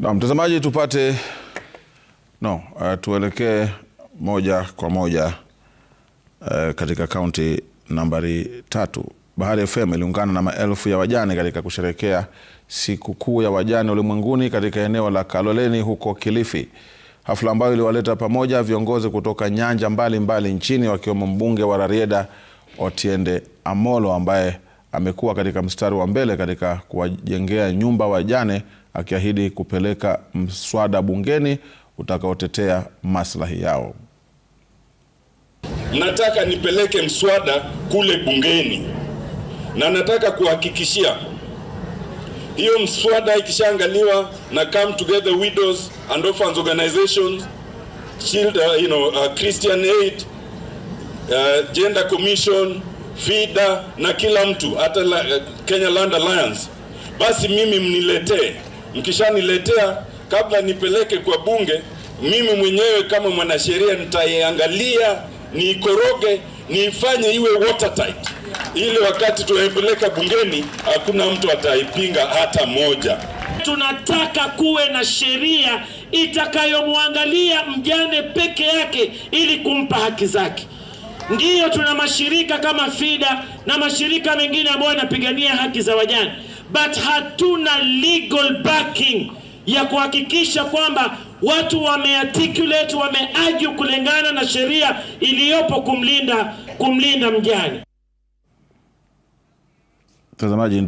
Na mtazamaji, tupate no, uh, tuelekee moja kwa moja uh, katika kaunti nambari tatu. Bahari FM iliungana na maelfu ya wajane katika kusherekea sikukuu ya wajane ulimwenguni katika eneo la Kaloleni huko Kilifi, hafla ambayo iliwaleta pamoja viongozi kutoka nyanja mbalimbali mbali nchini wakiwemo mbunge wa Rarieda Otiende amolo ambaye amekuwa katika mstari wa mbele katika kuwajengea nyumba wajane akiahidi kupeleka mswada bungeni utakaotetea maslahi yao. Nataka nipeleke mswada kule bungeni na nataka kuhakikishia hiyo mswada ikishaangaliwa na Come Together Widows and Orphans Organizations, Child, uh, you know, uh, Christian Aid, uh, Gender Commission, FIDA na kila mtu hata la, uh, Kenya Land Alliance, basi mimi mniletee mkishaniletea, kabla nipeleke kwa bunge, mimi mwenyewe kama mwanasheria nitaiangalia, niikoroge, niifanye iwe watertight, ili wakati tunaipeleka bungeni hakuna mtu ataipinga hata moja. Tunataka kuwe na sheria itakayomwangalia mjane peke yake ili kumpa haki zake. Ndiyo, tuna mashirika kama FIDA na mashirika mengine ambayo yanapigania haki za wajane but hatuna legal backing ya kuhakikisha kwamba watu wamearticulate, wameaju kulingana na sheria iliyopo kumlinda kumlinda mjane.